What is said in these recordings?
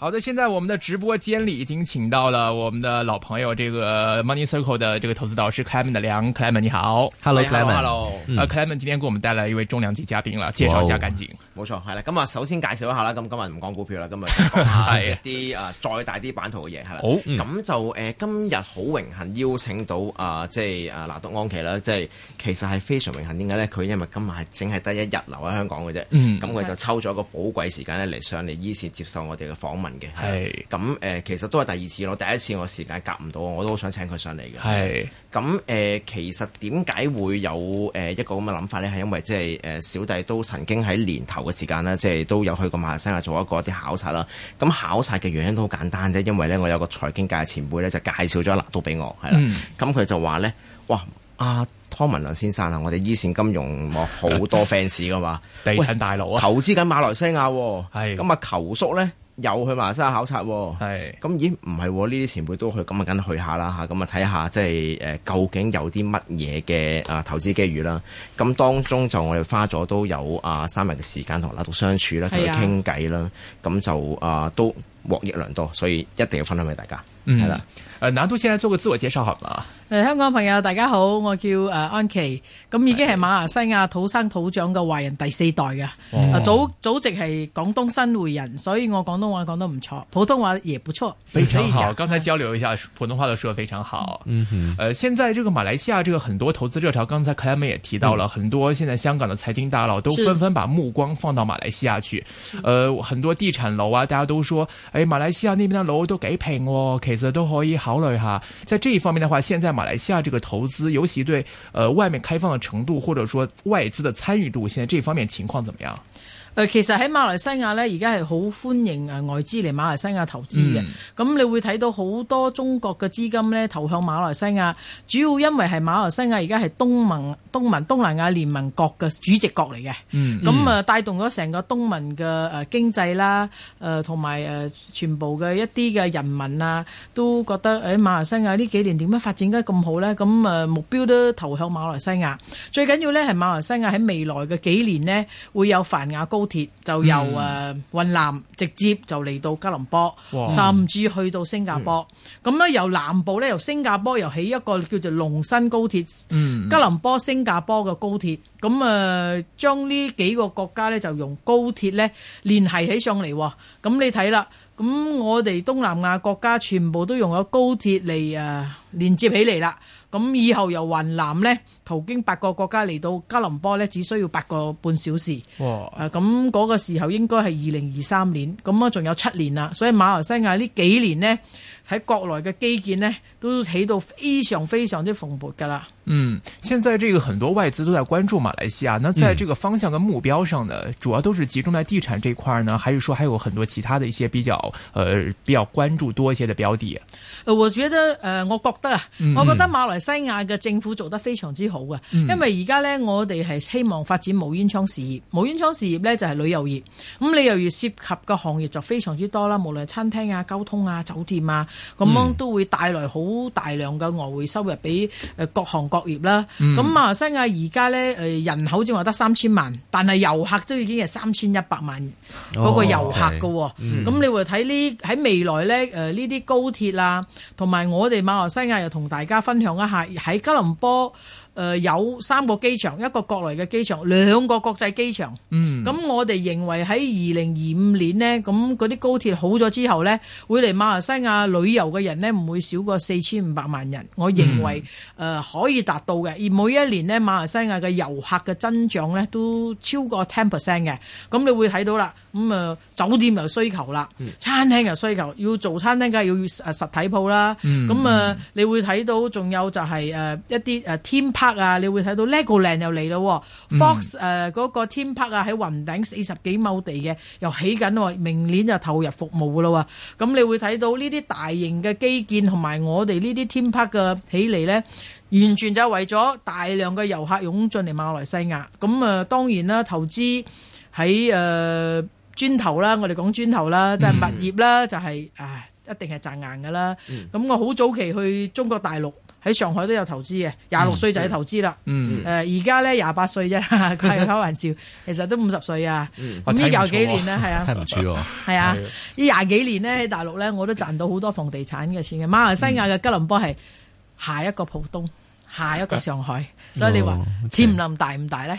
好的，現在我們的直播間裏已經請到了我們的老朋友，這個 Money Circle 的這個投資導師 Clement 的梁 Clement 你好，Hello Clement，Hello。Clement 今天給我們帶來一位重量級嘉賓啦，介紹一下乾淨。冇、oh. 錯，係啦，咁啊首先介紹一下啦，咁今日唔講股票啦，啊 oh, 嗯呃，今日係一啲啊再大啲版圖嘅嘢，係啦。好，咁就誒今日好榮幸邀請到啊即係啊拿督安琪啦，即係、啊、其實係非常榮幸點解咧？佢因為今日係淨係得一日留喺香港嘅啫，咁佢、嗯嗯、就抽咗個寶貴時間咧嚟上嚟依次接受我哋嘅訪問。係咁誒，其實都係第二次咯，第一次我時間夾唔到，我都好想請佢上嚟嘅。係咁誒，其實點解會有誒、呃、一個咁嘅諗法咧？係因為即係誒，小弟都曾經喺年頭嘅時間咧，即、就、係、是、都有去過馬來西亞做一個一啲考察啦。咁考察嘅原因都好簡單啫，因為咧我有個財經界嘅前輩咧就介紹咗拿督俾我，係啦。咁佢、嗯、就話咧，哇啊！湯文亮先生啊，我哋依線金融我好多 fans 噶嘛， 地產大佬啊，投資緊馬來西亞，係咁的啊，球叔咧又去馬來西亞考察，係咁的、啊，咦，唔係呢啲前輩都去，咁啊，梗去下啦吓，咁、就是、啊，睇下即係誒，究竟有啲乜嘢嘅啊投資機遇啦？咁、啊、當中就我哋花咗都有啊，三日嘅時間同拿督相處啦同佢傾偈啦，咁就的啊，啊，都獲益良多，所以一定要分享俾大家。係啦、嗯，誒的，拿、啊、督先做個自我介紹好啦。誒，香港朋友大家好，我叫伍安琪，咁已經係馬來西亞土生土長嘅華人第四代嘅、哦，祖祖籍係廣東新會人，所以我廣東話講得唔錯，普通話也不錯，非常好。剛才交流一下，普通話都說得非常好。嗯哼，誒、呃，現在這個馬來西亞這個很多投資熱潮，剛才 Clement 也提到了，嗯、很多現在香港的財經大佬都紛紛把目光放到馬來西亞去，是呃很多地產樓啊，大家都說，誒、哎，馬來西亞那邊嘅樓都幾平、哦，其實都可以考慮下。在這一方面的話，現在。馬來西亞這個投資，尤其對呃外面開放的程度，或者說外資的參與度，現在這方面情況怎麼樣？誒其實喺馬來西亞咧，而家係好歡迎誒外資嚟馬來西亞投資嘅。咁你會睇到好多中國嘅資金咧投向馬來西亞，主要因為係馬來西亞而家係東盟東盟東南亞聯盟國嘅主席國嚟嘅。咁啊帶動咗成個東盟嘅誒經濟啦，誒同埋誒全部嘅一啲嘅人民啊，都覺得誒馬來西亞呢幾年點樣發展得咁好咧？咁啊目標都投向馬來西亞。最緊要咧係馬來西亞喺未來嘅幾年咧，會有繁華高鐵就由誒雲南直接就嚟到吉隆坡，哇甚至去到新加坡。咁咧、嗯、由南部咧由新加坡又起一個叫做龍新高鐵，嗯，吉隆坡新加坡嘅高鐵。咁啊，將呢幾個國家咧就用高鐵咧聯繫起上嚟。咁你睇啦。咁我哋東南亞國家全部都用咗高鐵嚟，誒、啊、連接起嚟啦。咁以後由雲南呢途經八個國家嚟到吉隆坡呢，只需要八個半小時。哇！咁嗰、啊、個時候應該係二零二三年。咁啊，仲有七年啦。所以馬來西亞呢幾年呢，喺國內嘅基建呢，都起到非常非常之蓬勃㗎喇。嗯，現在這個很多外資都在關注馬來西亞，那在這個方向跟目標上呢，主要都是集中在地產這塊呢，還是說還有很多其他的一些比較，呃，比較關注多一些的標的？呃，我覺得，呃，我覺得、嗯、我覺得馬來西亞嘅政府做得非常之好嘅，嗯、因為而家呢，我哋係希望發展無煙囪事業，無煙囪事業呢，就係旅遊業，咁旅遊業涉及嘅行業就非常之多啦，無論餐廳啊、交通啊、酒店啊。咁樣、嗯、都會帶來好大量嘅外匯收入俾各行各業啦。咁、嗯、馬來西亞而家呢，人口只話得三千萬，但係遊客都已經係三千一百萬嗰個遊客㗎喎。咁、哦 okay, 嗯、你會睇呢，喺未來呢，呢啲高鐵啦，同埋我哋馬來西亞又同大家分享一下喺吉隆坡。誒、呃、有三個機場，一個國內嘅機場，兩個國際機場。嗯，咁我哋認為喺二零二五年呢，咁嗰啲高鐵好咗之後呢，會嚟馬來西亞旅遊嘅人呢，唔會少過四千五百萬人。我認為誒、嗯呃、可以達到嘅。而每一年呢，馬來西亞嘅遊客嘅增長呢，都超過 ten percent 嘅。咁你會睇到啦，咁、嗯、啊、呃、酒店又需求啦，嗯、餐廳又需求，要做餐廳梗係要誒實體鋪啦。咁啊、嗯呃，你會睇到仲有就係、是、誒、呃、一啲誒、呃、天派啊！你會睇到 Legoland 又嚟咯，Fox 誒嗰個 theme park 啊喺雲頂四十幾畝地嘅又起緊，明年就投入服務噶喎、啊。咁你會睇到呢啲大型嘅基建同埋我哋呢啲 theme park 嘅起嚟咧，完全就係為咗大量嘅遊客湧進嚟馬來西亞。咁啊，當然啦，投資喺誒、呃、磚頭啦，我哋講磚頭啦，即、就、係、是、物業啦、就是，就係、嗯、唉，一定係賺硬噶啦。咁我好早期去中國大陸。喺上海都有投資嘅，廿六歲就去投資啦。嗯，誒而家咧廿八歲啫，佢係開玩笑，其實都五十歲啊。咁呢廿幾年呢？係啊，睇唔住係啊，呢廿幾年呢？喺大陸呢，我都賺到好多房地產嘅錢嘅。馬來西亞嘅吉隆坡係下一個浦東，下一個上海，所以你話潛能大唔大呢？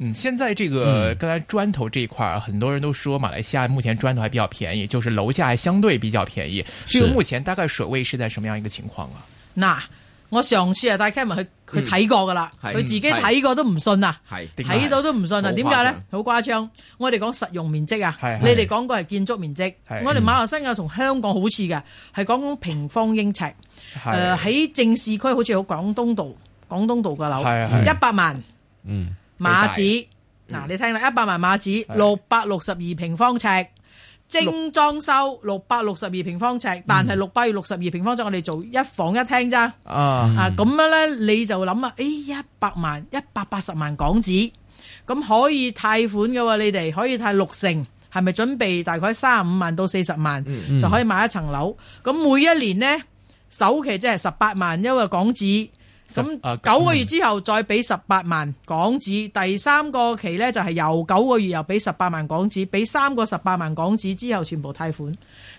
嗯，現在這個關於磚頭這一塊，很多人都說馬來西亞目前磚頭比較便宜，就是樓價相對比較便宜。這個目前大概水位是在什麼樣一個情況啊？那我上次啊帶 camera 去去睇過噶啦，佢自己睇過都唔信啊，睇到都唔信啊，點解咧？好誇張，我哋講實用面積啊，你哋講過係建築面積，我哋馬來西亞同香港好似嘅，係講平方英尺，誒喺正市區好似好廣東道，廣東道嘅樓一百萬，馬子，嗱你聽啦，一百萬馬子六百六十二平方尺。精裝修六百六十二平方尺，但係六百六十二平方尺我哋做一房一廳咋？Um, 啊咁樣呢，你就諗啊，誒一百萬一百八十萬港紙，咁可以貸款嘅喎、啊，你哋可以貸六成，係咪準備大概三十五萬到四十萬 um, um, 就可以買一層樓？咁、啊、每一年呢，首期即係十八萬港，因為港紙。咁九個月之後再俾十八萬港紙，第三個期呢就係由九個月又俾十八萬港紙，俾三個十八萬港紙之後全部貸款。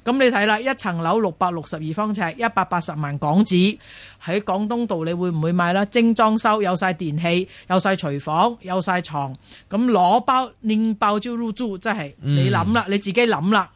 咁你睇啦，一層樓六百六十二方尺，一百八十萬港紙喺廣東道你會唔會買啦？精裝修，有晒電器，有晒廚房，有晒床，咁攞包拎包招租，真係你諗啦，你自己諗啦。嗯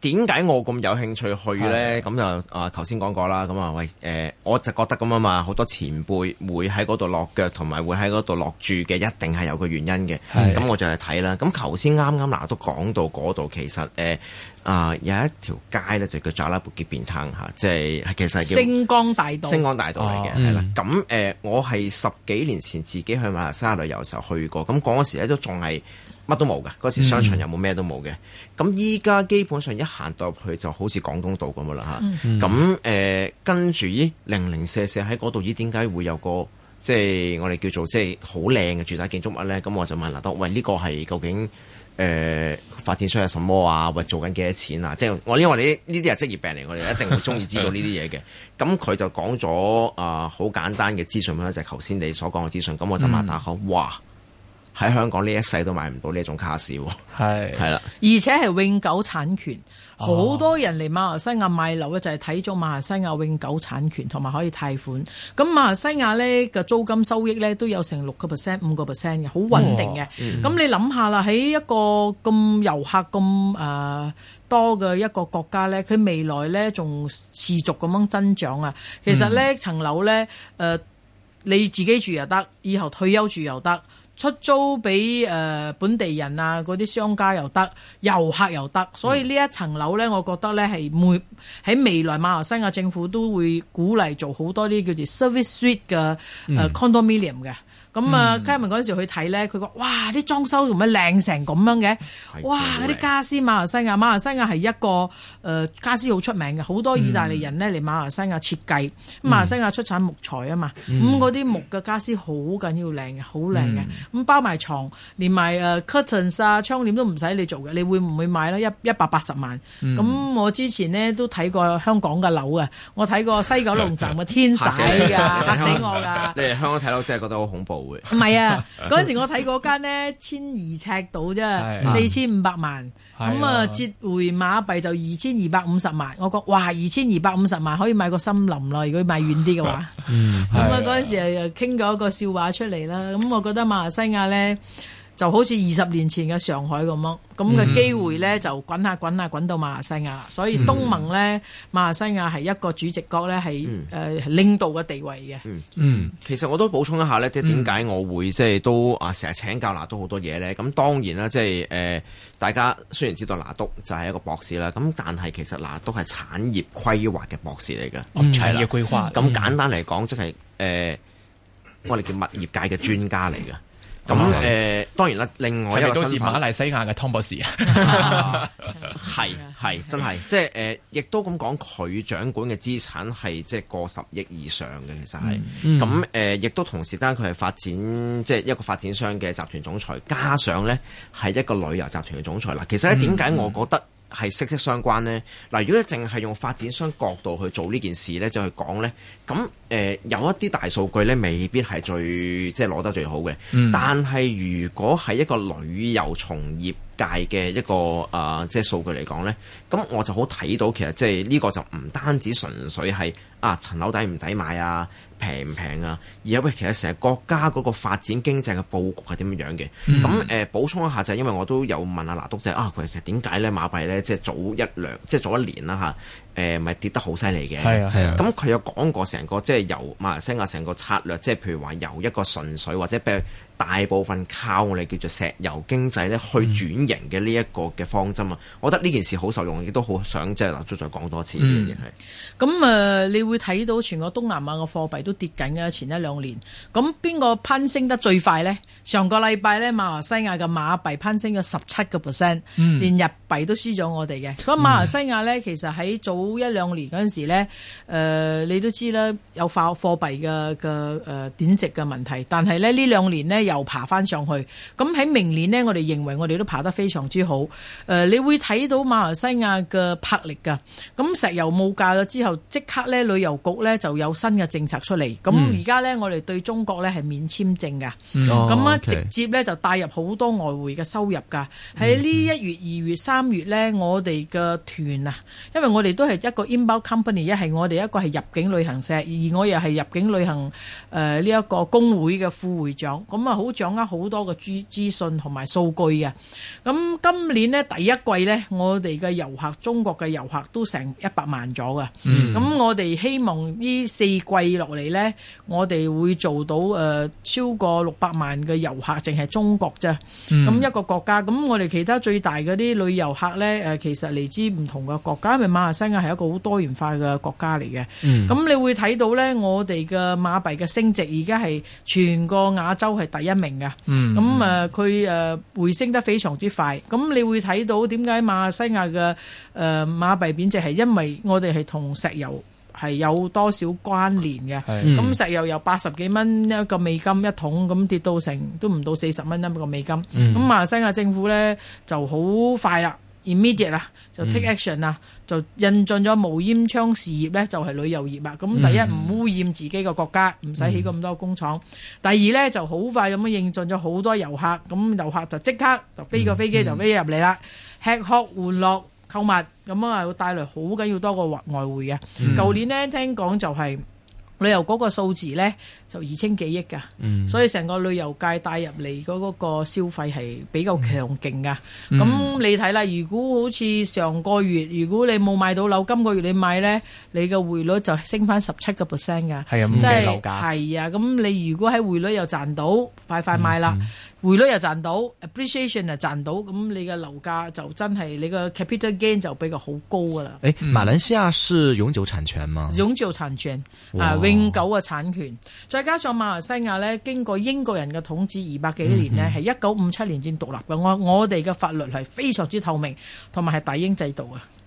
點解我咁有興趣去呢？咁的就啊，頭先講過啦。咁啊，喂，誒、呃，我就覺得咁啊嘛，好多前輩會喺嗰度落腳，同埋會喺嗰度落住嘅，一定係有個原因嘅。咁的我就去睇啦。咁頭先啱啱嗱都講到嗰度，其實誒啊、呃、有一條街咧就叫炸拉布吉變灘吓，ang, 即係其實叫星光大道。星光大道嚟嘅係啦。咁誒、呃，我係十幾年前自己去馬來西亞旅遊嘅時候去過，咁嗰時咧都仲係。乜都冇嘅，嗰時商場又冇咩都冇嘅。咁依家基本上一行到入去就好似廣東道咁啦嚇。咁誒跟住，咦，零零舍舍喺嗰度咦，點解會有個即係我哋叫做即係好靚嘅住宅建築物咧？咁我就問啦，喂，呢、呢個係究竟誒、呃、發展商係什麼啊？或者做緊幾多錢啊？即係我因為我哋呢啲係職業病嚟，我哋一定會中意知道呢啲嘢嘅。咁佢 就講咗啊好簡單嘅資訊啦，就係頭先你所講嘅資訊。咁、就是、我就擘大口哇！嗯嘩喺香港呢一世都買唔到呢種卡士喎，係係啦，的而且係永久產權。好、哦、多人嚟馬來西亞買樓嘅就係睇咗馬來西亞永久產權同埋可以貸款。咁馬來西亞呢嘅租金收益呢都有成六個 percent、五個 percent 嘅，好穩定嘅。咁、哦嗯、你諗下啦，喺一個咁遊客咁誒、呃、多嘅一個國家呢，佢未來呢仲持續咁樣增長啊。其實呢、嗯、層樓呢，誒、呃、你自己住又得，以後退休住又得。出租俾誒本地人啊，嗰啲商家又得，遊客又得，所以呢一層樓咧，我覺得咧係未喺未來馬來西亞政府都會鼓勵做好多啲叫做 service suite 嘅誒 condominium 嘅。嗯咁啊，Clement 嗰陣時去睇咧，佢話：哇，啲裝修做咩靚成咁樣嘅？哇，嗰啲傢俬馬來西亞，馬來西亞係一個誒傢俬好出名嘅，好多意大利人咧嚟馬來西亞設計。馬來西亞出產木材啊嘛，咁嗰啲木嘅傢俬好緊要靚嘅，好靚嘅。咁包埋牀，連埋誒 curtains 啊窗簾都唔使你做嘅。你會唔會買咧？一一百八十萬。咁我之前咧都睇過香港嘅樓啊，我睇過西九龍站嘅天璽㗎，嚇死我㗎！你係香港睇樓真係覺得好恐怖。唔係啊，嗰陣 時我睇嗰間呢，千二尺到啫，四千五百萬，咁啊折回馬幣就二千二百五十萬。我覺得，哇，二千二百五十萬可以買個森林咯，如果買遠啲嘅話。咁啊嗰陣時又傾咗一個笑話出嚟啦。咁我覺得馬來西亞呢。就好似二十年前嘅上海咁咯，咁嘅機會咧就滾下、啊、滾下、啊、滾到馬來西亞啦。所以東盟咧，馬來西亞係一個主席國咧，係誒、嗯呃、領導嘅地位嘅、嗯。嗯，嗯其實我都補充一下咧，即係點解我會即係、就是、都啊成日請教拿督好多嘢咧？咁當然啦，即係大家雖然知道拿督就係一個博士啦，咁但係其實拿督係產業規劃嘅博士嚟嘅，產業、嗯、的規劃咁、嗯、簡單嚟講，即、就、係、是呃、我哋叫物業界嘅專家嚟嘅。咁誒、嗯嗯呃、當然啦，另外一個是，是，都是馬來西亞嘅湯博士啊，係 真係，即係、呃、亦都咁講佢掌管嘅資產係即係過十億以上嘅，其實係咁誒，亦都同時，當然佢係發展即係一個發展商嘅集團總裁，加上咧係一個旅遊集團嘅總裁啦。其實咧，點解我覺得？係息息相關呢。嗱，如果淨係用發展商角度去做呢件事呢，就係講呢，咁誒有一啲大數據呢，未必係最即係攞得最好嘅。嗯、但係如果係一個旅遊從業界嘅一個啊、呃，即係數據嚟講呢，咁我就好睇到其實即係呢個就唔單止純粹係啊，層樓抵唔抵買啊？平唔平啊？而家喂，其實成個國家嗰個發展經濟嘅佈局係點樣樣嘅？咁誒、嗯呃、補充一下就係，因為我都有問阿、啊、拿督姐：啊為什麼「啊，其實點解咧馬幣咧即係早一兩即係早一年啦吓，誒，咪跌得好犀利嘅。係啊係啊。咁佢、啊、有講過成個即係由馬來西亞成個策略，即係譬如話由一個純粹或者比較大部分靠我哋叫做石油經濟咧去轉型嘅呢一個嘅方針啊。嗯、我覺得呢件事好受用，亦都好想即係拿督再講多次嘅係。咁誒、嗯呃，你會睇到全個東南亞嘅貨幣。都跌緊㗎前一兩年，咁邊個攀升得最快呢？上個禮拜呢，馬來西亞嘅馬幣攀升咗十七個 percent，連日幣都輸咗我哋嘅。咁、嗯、馬來西亞呢，其實喺早一兩年嗰陣時呢、嗯呃，你都知啦，有化貨貨幣嘅嘅誒貶值嘅問題，但係呢呢兩年呢，年又爬翻上去。咁喺明年呢，我哋認為我哋都爬得非常之好。誒、呃，你會睇到馬來西亞嘅魄力㗎。咁石油冇價咗之後，即刻呢，旅遊局呢就有新嘅政策出來。嚟，咁而家咧，我哋對中國咧係免簽證嘅，咁啊、嗯、直接咧就帶入好多外匯嘅收入㗎。喺呢一月、嗯、二月、三月咧，我哋嘅團啊，因為我哋都係一個 inbound company，一係我哋一個係入境旅行社，而我又係入境旅行誒呢一個公會嘅副會長，咁啊好掌握好多嘅資資訊同埋數據嘅。咁今年咧第一季咧，我哋嘅遊客中國嘅遊客都成一百萬咗㗎。咁、嗯、我哋希望呢四季落嚟。咧，我哋會做到誒、呃、超過六百萬嘅遊客，淨係中國啫。咁、嗯、一個國家，咁我哋其他最大嗰啲旅遊客咧，誒、呃、其實嚟自唔同嘅國家，因為馬來西亞係一個好多元化嘅國家嚟嘅。咁、嗯、你會睇到咧，我哋嘅馬幣嘅升值而家係全個亞洲係第一名嘅。咁誒、嗯，佢誒回升得非常之快。咁你會睇到點解馬來西亞嘅誒、呃、馬幣貶值係因為我哋係同石油，係有多少關聯嘅？咁是、嗯、石油由八十幾蚊一個美金一桶，咁跌到成都唔到四十蚊一個美金。咁馬來西亞政府咧就好快啦，immediate 啦，就 take action 啦，嗯、就引進咗無煙槍事業咧，就係、是、旅遊業啦，咁第一唔、嗯、污染自己個國家，唔使起咁多工廠。嗯、第二咧就好快咁樣引進咗好多遊客，咁遊客就即刻就飛個飛機就飛入嚟啦，嗯嗯、吃喝玩樂。購物咁啊，會帶嚟好緊要多過外匯嘅。舊、嗯、年咧，聽講就係旅遊嗰個數字呢，就二千幾億噶。嗯、所以成個旅遊界帶入嚟嗰嗰個消費係比較強勁噶。咁、嗯、你睇啦，如果好似上個月，如果你冇買到樓，今個月你買呢，你嘅匯率就升翻十七個 percent 噶。係啊，即係係啊，咁你如果喺匯率又賺到，快快買啦。嗯嗯匯率又賺到，appreciation 又賺到，咁你嘅樓價就真係你嘅 capital gain 就比較好高噶啦。誒、欸，馬來西亞是永久產權嘛？永久產權啊，永久嘅產權，再加上馬來西亞呢，經過英國人嘅統治二百幾年呢，係一九五七年先獨立嘅。嗯、哼我我哋嘅法律係非常之透明，同埋係大英制度啊。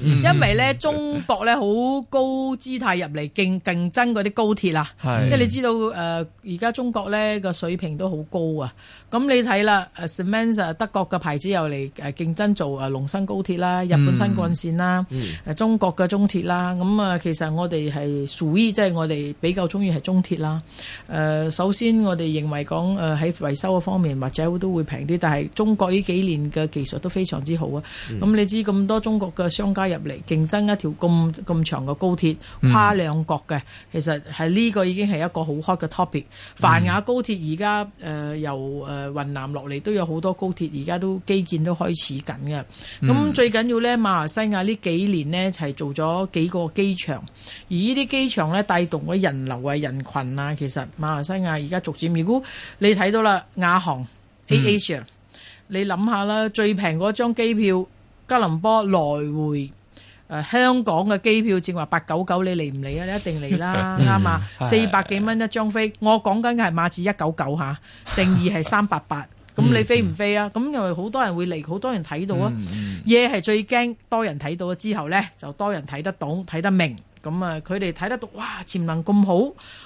因為咧中國咧好高姿態入嚟競競爭嗰啲高鐵啊，是的 因為你知道誒而家中國咧個水平都好高啊。咁你睇啦，Siemens 德國嘅牌子又嚟，誒競爭做誒隆新高鐵啦，日本新幹線啦，誒、嗯，嗯、中國嘅中鐵啦。咁啊，其實我哋係屬於即係我哋比較喜歡中意係中鐵啦。誒、呃，首先我哋認為講誒喺維修嘅方面或者都會平啲，但係中國呢幾年嘅技術都非常之好啊。咁、嗯、你知咁多中國嘅商家入嚟競爭一條咁咁長嘅高鐵跨兩國嘅，嗯、其實係呢個已經係一個好 hot 嘅 topic。泛亞高鐵而家誒由誒。呃誒雲南落嚟都有好多高鐵，而家都基建都開始緊嘅。咁、嗯、最緊要呢，馬來西亞呢幾年呢，係做咗幾個機場，而呢啲機場呢，帶動咗人流啊、人群啊，其實馬來西亞而家逐漸，如果你睇到啦亞航 AirAsia、嗯、你諗下啦，最平嗰張機票吉隆坡來回。誒香港嘅機票，正話八九九，你嚟唔嚟啊？你一定嚟啦，啱啊！四百幾蚊一張飛，我講緊嘅係馬字一九九嚇，成二係三八八，咁你飛唔飛啊？咁又係好多人會嚟，好多人睇到啊！嘢係最驚，多人睇到啊，之後咧就多人睇得到、睇得明，咁啊，佢哋睇得到，哇！潛能咁好，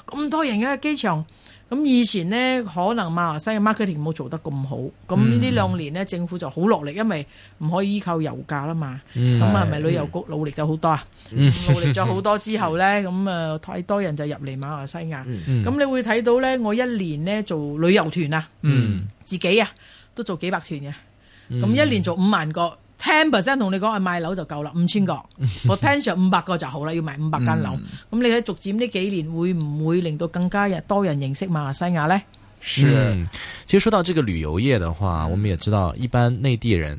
咁多人嘅機場。咁以前呢，可能馬來西亞 marketing 冇做得咁好。咁呢兩年呢，政府就好落力，因為唔可以依靠油價啦嘛。咁係咪旅遊局努力咗好多啊？嗯、努力咗好多之後呢，咁啊 太多人就入嚟馬來西亞。咁、嗯、你會睇到呢，我一年呢做旅遊團啊，嗯、自己啊都做幾百團嘅。咁、嗯、一年做五萬個。10%同你講啊，賣樓就夠啦，五千個 potential 五百個就好啦， 要買500間樓。咁你睇逐漸呢幾年會唔會令到更加多人認識馬來西亞呢？是、嗯，其實說到這個旅遊業的話，我們也知道一般內地人。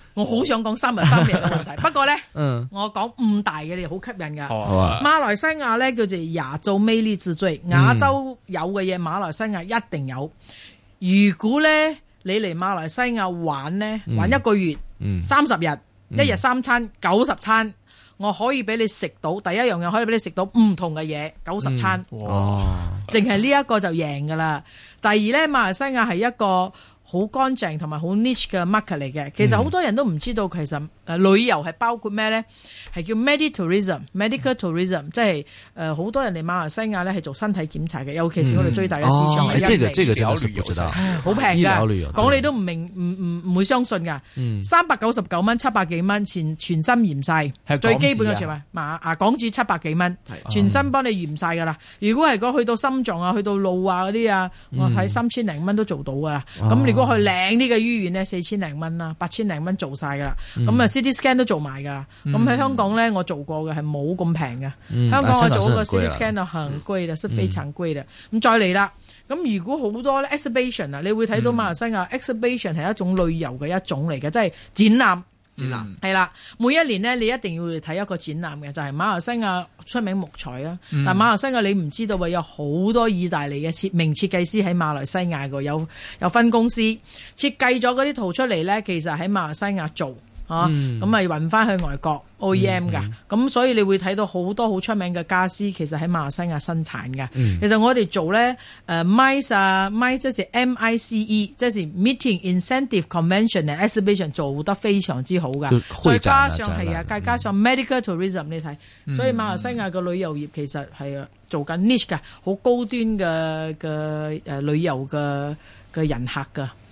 我好想講三日三夜嘅問題， 不過咧，嗯、我講五大嘅你好吸引噶、哦。馬來西亞呢，叫做亞洲美 a 之最，亞洲有嘅嘢馬來西亞一定有。如果呢，你嚟馬來西亞玩呢，玩一個月，三十、嗯、日，嗯、一日三餐，九十餐，我可以俾你食到第一樣嘢，可以俾你食到唔同嘅嘢，九十餐、嗯。哇！淨係呢一個就贏噶啦。第二呢，馬來西亞係一個。好乾淨同埋好 niche 嘅 market 嚟嘅，其實好多人都唔知道其實旅遊係包括咩咧？係叫 medical tourism，medical tourism，即係誒好多人嚟馬來西亞咧係做身體檢查嘅，尤其是我哋最大嘅市場、嗯。哦，即係即係醫療旅遊，好平㗎，講你都唔明，唔唔唔會相信㗎。三百九十九蚊，七百幾蚊，全全身驗晒。最基本嘅設備。啊啊，港紙七百幾蚊，全身幫你驗晒㗎啦。如果係去到心臟啊，去到腦啊嗰啲啊，嗯、我睇三千零蚊都做到㗎啦。咁哇過、嗯、去領呢個醫院咧四千零蚊啦，八千零蚊做晒㗎啦，咁啊 CT scan 都做埋㗎，咁喺香港咧我做過嘅係冇咁平嘅，香港我做過個、嗯、CT scan 啊，很貴嘅，嗯、非常貴嘅，咁、嗯、再嚟啦，咁如果好多咧 exhibition 啊，嗯、你會睇到馬來西亞 exhibition 係一種旅遊嘅一種嚟嘅，即、就、係、是、展覽。展覽係啦，每一年呢你一定要睇一個展覽嘅，就係、是、馬來西亞出名木材啊。嗯、但馬來西亞你唔知道會有好多意大利嘅設名設計師喺馬來西亞個有有分公司設計咗嗰啲圖出嚟，呢，其實喺馬來西亞做。啊，咁咪 Ừ, 因運返去外國 OEM 㗎，咁、嗯嗯、所以你會睇到好多好出名嘅傢俬。其實喺馬來西亞生產㗎。嗯、其實我哋做咧，mice 啊 mice 即係 MICE，即係 Meeting、Incentive、Convention、Exhibition，做得非常之好㗎。會展啊，再加上 Medical Tourism，你睇，所以馬來西亞嘅旅遊業其實係做緊 niche 㗎，好高端嘅嘅、呃、旅遊嘅嘅人客㗎。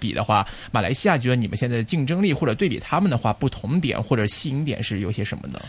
比的話，馬來西亞覺得你們現在的競爭力，或者對比他們的話，不同點或者吸引點是有些什麼呢？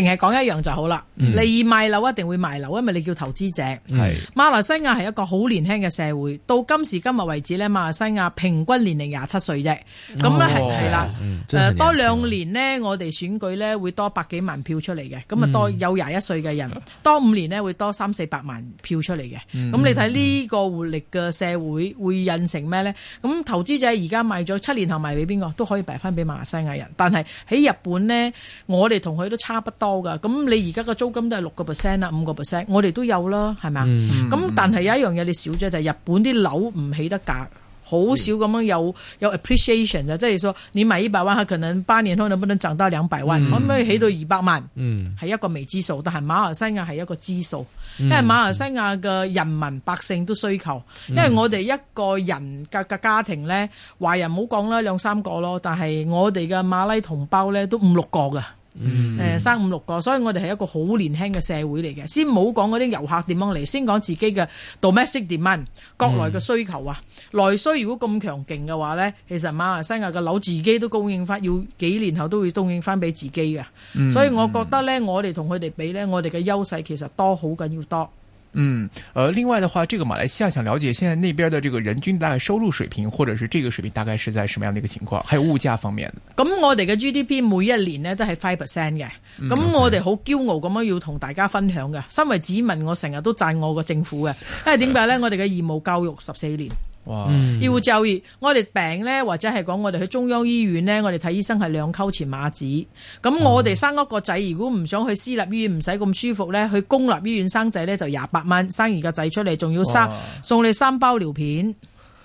淨係講一樣就好啦，你賣樓一定會賣樓，因為你叫投資者。係、嗯、馬來西亞係一個好年輕嘅社會，到今時今日為止咧，馬來西亞平均年齡廿七歲啫。咁咧係係啦，誒多兩年呢，我哋選舉咧會多百幾萬票出嚟嘅，咁啊、嗯、多有廿一歲嘅人，多五年呢，會多三四百萬票出嚟嘅。咁、嗯、你睇呢個活力嘅社會會印成咩咧？咁投資者而家賣咗七年後賣俾邊個都可以擺翻俾馬來西亞人，但係喺日本呢，我哋同佢都差不多。多噶，咁你而家個租金都係六個 percent 啊，五個 percent，我哋都有啦，係咪？咁、嗯、但係有一樣嘢你少咗就係、是、日本啲樓唔起得價，好少咁樣有是有 appreciation 就即係說你買一百萬，可能八年可能不能掙到兩百萬，嗯、可唔可以起到二百萬？嗯，係一個未知數，但係馬來西亞係一個知數，嗯、因為馬來西亞嘅人民百姓都需求，因為我哋一個人個家庭咧，華人唔好講啦，兩三個咯，但係我哋嘅馬來同胞咧都五六個噶。誒，生五六個，所以我哋係一個好年輕嘅社會嚟嘅，先唔好講嗰啲遊客點樣嚟，先講自己嘅 domestic demand 國內嘅需求啊，內、嗯、需如果咁強勁嘅話咧，其實馬來西亞嘅樓自己都供應翻，要幾年後都會供應翻俾自己嘅，所以我覺得咧、嗯嗯，我哋同佢哋比咧，我哋嘅優勢其實多好緊要多。嗯，呃，另外的話，這個馬來西亞想了解，現在那邊的這個人均大概收入水平，或者是這個水平大概是在什麼樣的一個情況，還有物價方面。咁我哋嘅 GDP 每一年呢都係 five percent 嘅，咁、嗯、我哋好驕傲咁樣要同大家分享嘅。身為子民，我成日都讚我個政府嘅，因為點解呢？我哋嘅義務教育十四年。哇！嗯、要就醫，我哋病呢，或者係講我哋去中央醫院呢，我哋睇醫生係兩溝前馬子。咁我哋生一個仔，如果唔想去私立醫院，唔使咁舒服呢，去公立醫院生仔呢，就廿八蚊，生完個仔出嚟仲要生，哇送你三包尿片，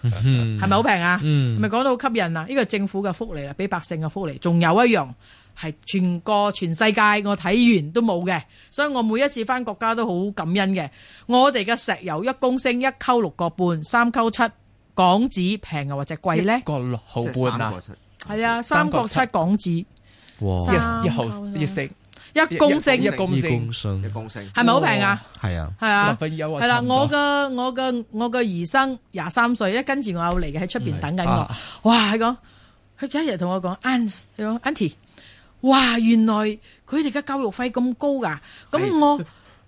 係咪好平啊？係咪講、嗯、得好吸引啊！呢個政府嘅福利啦，俾百姓嘅福利。仲有一樣係全個全世界我睇完都冇嘅，所以我每一次返國家都好感恩嘅。我哋嘅石油一公升一溝六個半，三溝七。港紙平又或者貴咧？個六毫半啊？係啊，三角七港紙，一一毫一升，一公升一公升，係咪好平啊？係啊，係啊，係啦，我個我個我個兒生廿三歲咧，跟住我有嚟嘅，喺出邊等緊我。哇，佢講，佢一日同我講，Auntie 哇，原來佢哋嘅教育費咁高噶，咁我。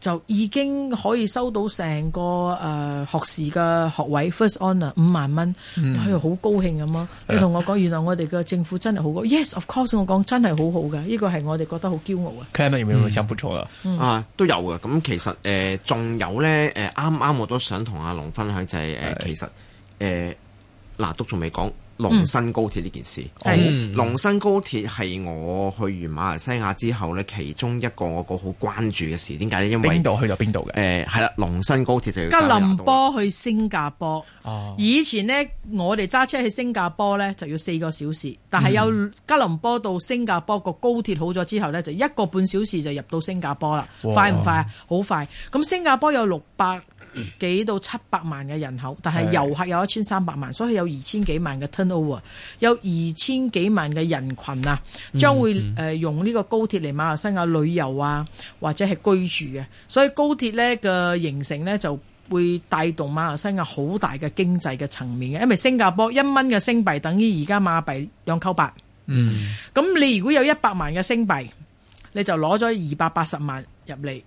就已經可以收到成個誒、呃、學士嘅學位，first honor 五萬蚊，佢好、嗯、高興咁咯。佢同的我講：原來我哋嘅政府真係好高的，yes of course。我講真係好好嘅，呢、呢個係我哋覺得好驕傲嘅。佢係咪有冇上課錯啦？啊，都有嘅。咁其實誒，仲有咧誒，啱啱我都想同阿龍分享就係其實誒，拿督仲未講。龍新高鐵呢件事，龍、嗯、新高鐵係我去完馬來西亞之後呢，其中一個我個好關注嘅事，點解呢？因為邊度去到邊度嘅？誒、呃，係啦，龍新高鐵就要吉隆坡去新加坡。哦，以前呢，我哋揸車去新加坡呢，就要四個小時，但係有吉隆坡到新加坡個高鐵好咗之後呢，就一個半小時就入到新加坡啦。哇快唔快啊？好快。咁新加坡有六百，幾到七百萬嘅人口，但係遊客有一千三百萬，是的 所以有二千幾萬嘅 turnover，有二千幾萬嘅人群啊，將會誒用呢個高鐵嚟馬來西亞旅遊啊，或者係居住嘅，所以高鐵呢嘅形成呢，就會帶動馬來西亞好大嘅經濟嘅層面嘅，因為新加坡一蚊嘅星幣等於而家馬幣兩溝八，嗯，咁你如果有一百萬嘅星幣，你就攞咗二百八十萬入嚟。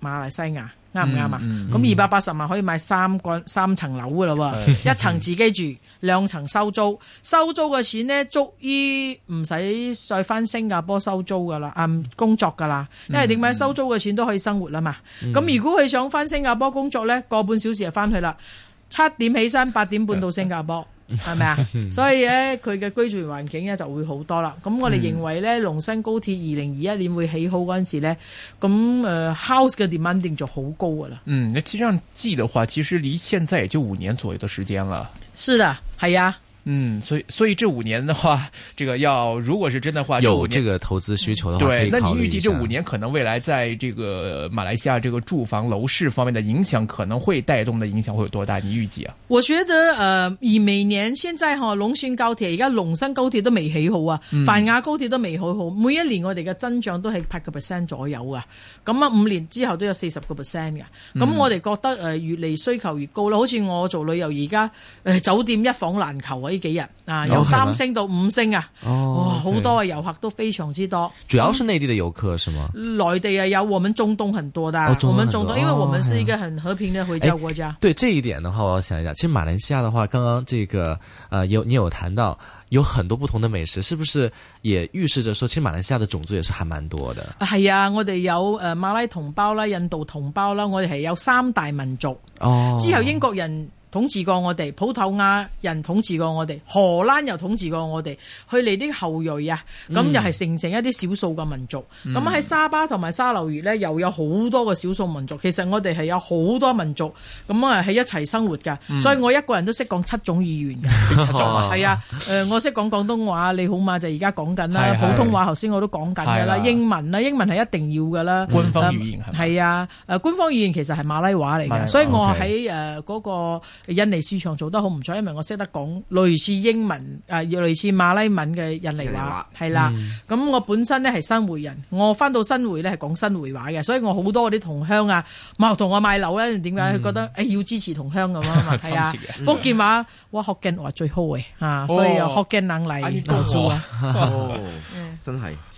馬來西亞啱唔啱啊？咁二百八十萬可以買三個三層樓嘅咯，嗯、一層自己住，兩層收租，收租嘅錢呢，足以唔使再翻新加坡收租噶啦，啊、嗯、工作噶啦，因為點解收租嘅錢都可以生活啦嘛。咁、嗯、如果佢想翻新加坡工作呢，個半小時就翻去啦，七點起身，八點半到新加坡。嗯嗯係咪啊？所以咧，佢嘅居住環境咧就會好多啦。咁我哋認為咧，龍新高鐵二零二一年會起好嗰陣時咧，咁誒 house 嘅 demanding 就好高噶啦。嗯，其實、嗯、樣計的話，其實離現在也就五年左右的時間啦。是的，係啊。嗯，所以所以這五年的話，這個要如果是真的話，這有這個投資需求的話，嗯、對，那你預計這五年可能未來在這個馬來西亞這個住房樓市方面的影響，可能會帶動的影響會有多大？你預計啊？我覺得，呃，以每年現在哈、哦，龍綫高鐵而家龍新高鐵都未起好啊，泛亞、嗯、高鐵都未起好，每一年我哋嘅增長都係八個 percent 左右啊，咁啊五年之後都有四十個 percent 嘅，咁我哋覺得誒、呃、越嚟需求越高咯，好似我做旅遊而家誒酒店一房難求啊！幾日啊？由三、哦、星到五星啊！哇，好、哦哦、對多嘅遊客都非常之多。主要是內地的遊客、嗯、是嗎？內地啊，有我們中東很多的，哦、多我們中東，哦、因為我們是一個很和平的回教國家。哎、對這一點的話，我想一下。其實馬來西亞的話，剛剛這個，呃，有你有談到，有很多不同的美食，是不是也預示着說，其實馬來西亞的種族也是還蠻多的？係啊，啊，我哋有誒馬拉同胞啦，印度同胞啦，我哋係有三大民族。哦，之後英國人。統治過我哋，葡萄牙人統治過我哋，荷蘭又統治過我哋，佢哋啲後裔啊，咁又係成成一啲少數嘅民族。咁喺沙巴同埋沙勞越呢，又有好多個少數民族。其實我哋係有好多民族，咁啊喺一齊生活噶。所以我一個人都識講七種語言嘅，七種，係啊，誒，我識講廣東話，你好嘛就而家講緊啦，普通話頭先我都講緊噶啦，英文啦，英文係一定要噶啦，官方語言係啊，誒，官方語言其實係馬拉話嚟㗎。所以我喺誒嗰個。印尼市場做得好唔錯，因為我識得講類似英文、誒、呃、類似馬來文嘅印尼話，係啦。咁的、嗯嗯、我本身咧係新會人，我翻到新會咧係講新會話嘅，所以我好多我啲同鄉啊，咪同我買樓咧？點解佢覺得誒、欸、要支持同鄉咁、嗯、啊？嘛係啊，福建話我學健話最好嘅嚇、啊，所以學健能力多咗。哦，真係。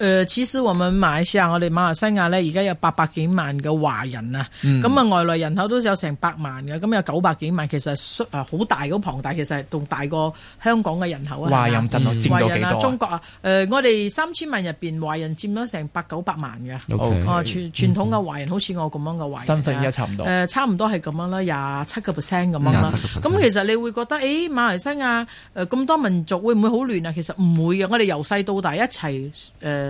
誒，此時、呃、我問買試下我哋馬來西亞呢，而家有八百幾萬嘅華人啊，咁啊、嗯嗯、外來人口都有成百萬嘅，咁、嗯、有九百幾萬，其實好大好龐大，其實係仲大過香港嘅人口啊，華人真佔咗幾多華人啊，中國啊，呃、我哋三千萬入面華人佔咗成八九百萬嘅，okay, 哦，傳統統嘅華人、嗯、好似我咁樣嘅華人、啊、身份差唔多，誒、呃、差唔多係咁樣啦，廿七個 percent 咁樣咁、嗯、其實你會覺得誒、哎、馬來西亞咁、呃、多民族會唔會好亂啊？其實唔會嘅，我哋由細到大一齊誒。呃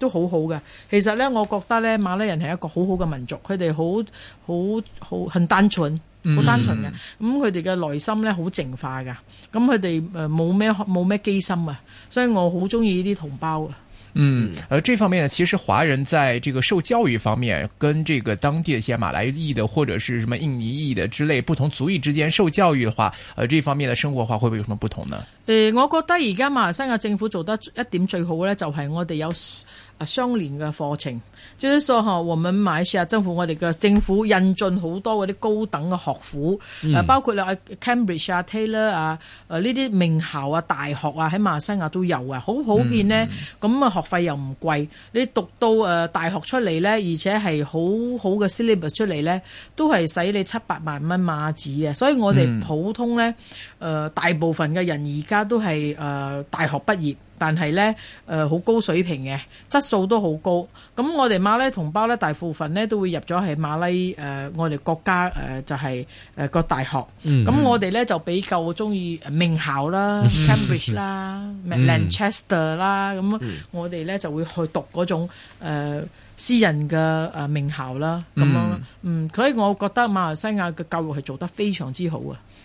都好好嘅，其實呢，我覺得呢馬來人係一個好好嘅民族，佢哋好好好很單純，好單純嘅。咁佢哋嘅內心呢，好淨化嘅，咁佢哋誒冇咩冇咩機心啊，所以我好中意呢啲同胞嘅。嗯，而這方面呢，其實華人在這個受教育方面，跟這個當地嘅一些馬來裔的或者係什麼印尼裔的之類不同族裔之間受教育嘅話，呃，這方面嘅生活話，會不會有什麼不同呢？呃，我覺得而家馬來西亞政府做得一點最好呢，就係我哋有雙聯嘅課程，即係所嗬，我敏買時啊，政府我哋嘅政府引進好多嗰啲高等嘅學府，嗯、包括啦，Cambridge 啊、Taylor 啊、呢啲名校啊、大學啊，喺馬來西亞都有啊，好好嘅呢，咁啊、嗯、學費又唔貴，你讀到誒大學出嚟呢，而且係好好嘅 degree 出嚟呢，都係使你七八萬蚊馬幣啊，所以我哋普通呢。嗯誒、呃、大部分嘅人而家都係誒、呃、大學畢業，但係咧誒好高水平嘅，質素都好高。咁我哋馬拉同胞咧，大部分咧都會入咗喺馬拉誒我哋國家誒、呃、就係誒個大學。咁、嗯、我哋咧就比較中意名校啦、嗯、Cambridge 啦，Manchester 啦。咁、嗯、我哋咧就會去讀嗰種、呃、私人嘅名校啦。咁樣嗯，嗯，所以我覺得馬來西亞嘅教育係做得非常之好啊！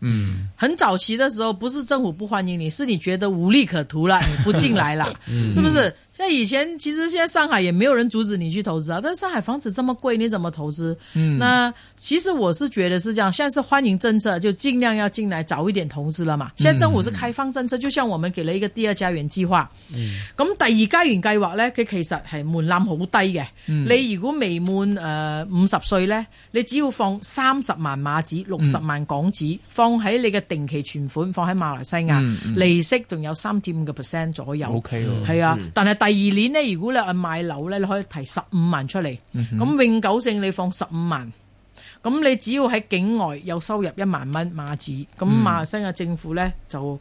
嗯，很早期的時候，不是政府不歡迎你，是你覺得無利可圖了，你不進來了， 嗯，是不是？以前，其實現在上海也沒有人阻止你去投資啊。但上海房子這麼貴，你怎麼投資？嗯，那其實我是覺得是這樣，現在是歡迎政策，就盡量要進來早一點投資了嘛。嗯、現在政府是開放政策，就像我們給了一個第二家園計劃。嗯，咁第二家園計劃呢，佢其實係門檻好低嘅。嗯，你如果未滿誒五十歲呢，你只要放三十萬馬幣、六十萬港紙，嗯、放喺你嘅定期存款，放喺馬來西亞，嗯嗯、利息仲有三點五個 percent 左右。O K，係啊，嗯、但係第第二年咧，如果你買樓咧，你可以提十五萬出嚟，咁永久性你放十五萬，咁你只要喺境外有收入一萬蚊馬幣，咁馬新嘅馬來西亞政府咧就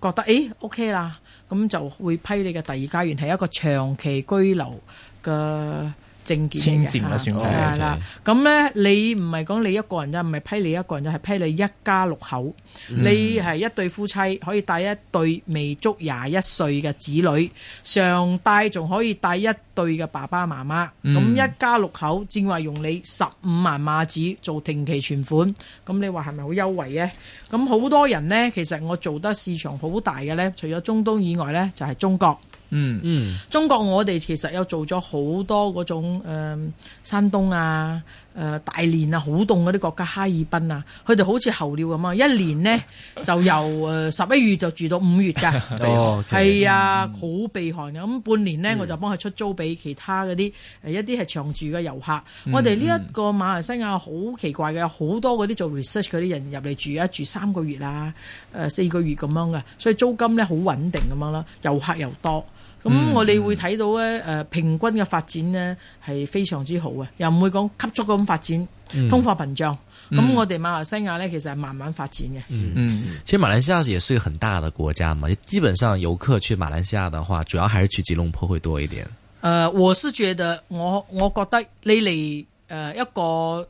覺得誒 OK 啦，咁就會批你嘅第二家園係一個長期居留嘅。證件嘅，係啦，咁咧你唔係講你一個人啫，唔係批你一個人啫，係批你一家六口。嗯、你係一對夫妻，可以帶一對未足廿一歲嘅子女，常帶仲可以帶一對嘅爸爸媽媽。咁、嗯、一家六口，正話用你十五萬馬子做定期存款，咁你話係咪好優惠呢？咁好多人呢，其實我做得市場好大嘅呢，除咗中東以外呢，就係、是、中國。嗯嗯，嗯中國我哋其實有做咗好多嗰種誒，呃，山東啊。誒、uh, 大連啊，好凍嗰啲國家，哈爾濱啊，佢哋好似候鳥咁啊，一年呢，就由誒、呃、十一月就住到五月㗎，係、 哦、okay. 啊，好避寒嘅。咁、嗯嗯、半年呢，我就幫佢出租俾其他嗰啲誒一啲係長住嘅遊客。嗯、我哋呢一個馬來西亞好奇怪嘅，好多嗰啲做 research 嗰啲人入嚟住啊，住三個月啊，誒、呃、四個月咁樣嘅，所以租金咧好穩定咁樣咯，遊客又多。咁我哋會睇到咧、嗯呃，平均嘅發展呢係非常之好嘅，又唔會講急速咁發展，通貨、嗯、膨脹。咁、嗯、我哋馬來西亞呢，其實係慢慢發展嘅。嗯嗯，其實馬來西亞也是一個很大的國家嘛，基本上遊客去馬來西亞的話，主要還是去吉隆坡會多一點。誒、呃，我是覺得我我覺得你嚟誒一個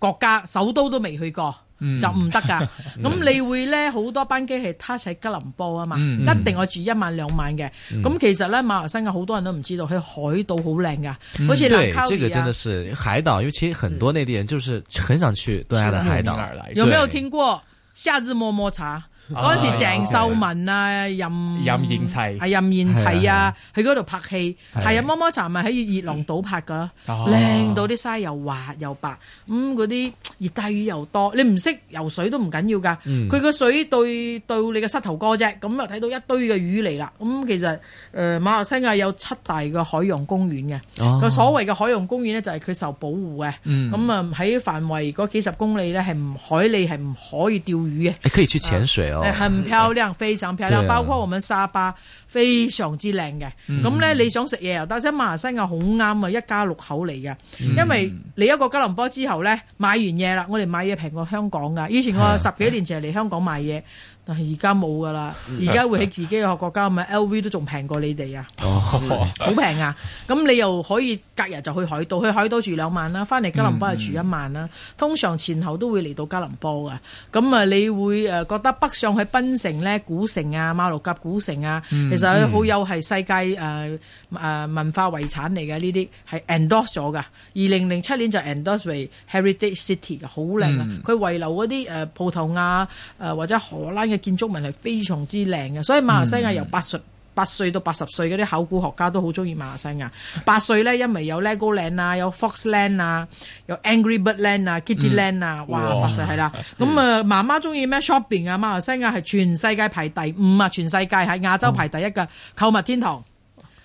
國家首都都未去過。 就唔得噶，咁 你會咧好 多班機器，它喺吉隆坡啊嘛，嗯嗯，一定我住一晚兩晚嘅。咁、嗯、其實咧馬來西亞好多人都唔知道，喺海島好靚噶，好似蘭卡威。對，這個真的是海島，因為其實很多內地人就是很想去東亞的海島。啊、對有沒有聽過《夏日摸摸茶》？嗰陣時，鄭秀文啊，任任賢齊，係任賢齊啊，喺嗰度拍戲，係啊，摸摸茶咪喺熱浪島拍㗎，靚到啲沙又滑又白，咁嗰啲熱帶魚又多，你唔識游水都唔緊要㗎，佢個水對對你個膝頭哥啫，咁啊睇到一堆嘅魚嚟啦，咁其實誒馬來西亞有七大嘅海洋公園嘅，個所謂嘅海洋公園咧就係佢受保護嘅，咁啊喺範圍嗰幾十公里咧係唔海里係唔可以釣魚嘅，你可以去潛水啊。誒、哎，很漂亮，非常漂亮，包括我們沙巴非常之靚嘅。咁呢、嗯，你想食嘢又得，所以馬來西亞好啱啊！一家六口嚟嘅，嗯、因為嚟一個吉隆坡之後呢，買完嘢啦，我哋買嘢平過香港噶。以前我十幾年前嚟香港買嘢。嗯但係而家冇㗎啦，而家會喺自己嘅國家咪 LV 都仲平過你哋啊，好平啊！咁你又可以隔日就去海島，去海島住兩晚啦，翻嚟吉隆坡就住一晚啦。嗯、通常前後都會嚟到吉隆坡噶。咁啊，你會誒覺得北上喺檳城咧古城啊馬六甲古城啊，其實佢好有係世界誒誒文化遺產嚟嘅，呢啲係 endorse 咗㗎。二零零七年就 endorse 為 heritage city，好靚啊！佢、嗯、遺留嗰啲誒葡萄牙誒、呃、或者荷蘭。建築物係非常之靚嘅，所以馬來西亞由八十、嗯、八歲到八十歲嗰啲考古學家都好中意馬來西亞。八歲咧，因為有 Legoland 啊、嗯，有 Foxland 啊，有 Angry Birdland 啊，Kittyland 啊，哇！哇八歲係啦，咁啊的，媽媽中意咩 shopping 啊？馬來西亞係全世界排第五啊，全世界喺亞洲排第一嘅購物天堂，哦、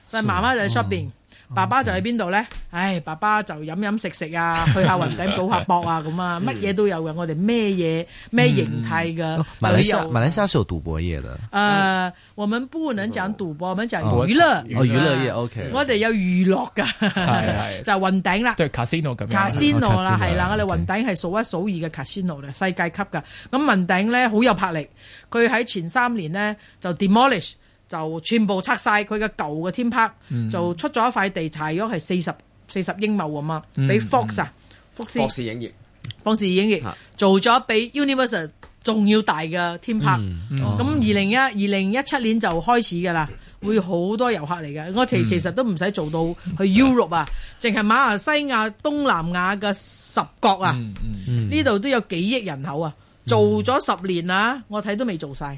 所以媽媽就係 shopping。哦。爸爸就喺邊度咧？唉，爸爸就飲飲食食啊，去下雲頂賭下博啊咁啊，乜嘢都有嘅。我哋咩嘢咩形態嘅？馬來西亞，馬來西亞是有賭博業的。誒，我們不能講賭博，我們講娛樂。哦，娛樂業 OK。我哋有娛樂噶，就雲頂啦，對 casino 咁，casino 啦，係啦，我哋雲頂係數一數二嘅 casino 咧，世界級噶。咁雲頂咧好有魄力，佢喺前三年呢就 demolish。就全部拆晒佢嘅舊嘅天柏，就出咗一塊地，闢咗係四十四十英畝啊嘛，俾 Fox 啊，Fox 影業，Fox 影業做咗比 Universal 仲要大嘅天柏，咁二零一二零一七年就開始㗎啦，會好多遊客嚟㗎。我其其實都唔使做到去 Europe 啊，淨係馬來西亞東南亞嘅十國啊，呢度都有幾億人口啊，做咗十年啊，我睇都未做晒。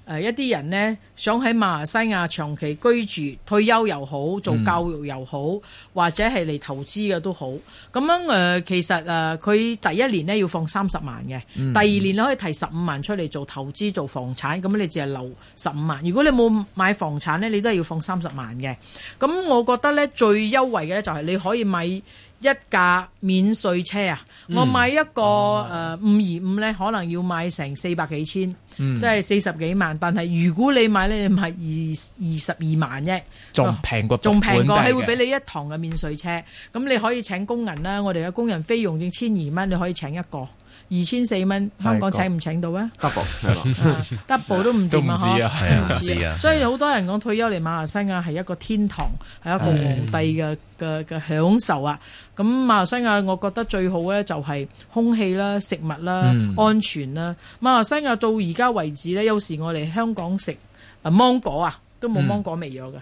誒、呃、一啲人呢，想喺馬來西亞長期居住，退休又好，做教育又好，或者係嚟投資嘅都好，咁樣、呃、其實誒佢、呃、第一年呢要放三十萬嘅，第二年你可以提十五萬出嚟做投資做房產，咁你淨係留十五萬。如果你冇買房產呢，你都係要放三十萬嘅。咁我覺得呢，最優惠嘅呢就係你可以買。一架免稅車啊！嗯、我買一個誒五二五咧，可能要買成四百幾千，嗯、即係四十幾萬。但係如果你買咧，你買二二十二萬啫，仲平過仲平過係會俾你一堂嘅免稅車，咁、嗯、你可以請工人啦，我哋嘅工人費用正千二蚊，你可以請一個。二千四蚊，香港請唔請到啊？double，double 都唔掂啊，所以好多人講退休嚟馬來西亞係一個天堂，係、嗯、一個皇帝嘅嘅嘅享受啊。咁馬來西亞我覺得最好咧就係空氣啦、食物啦、嗯、安全啦、啊。馬來西亞到而家為止咧，有時我嚟香港食啊芒果啊，都冇芒果味咗㗎。嗯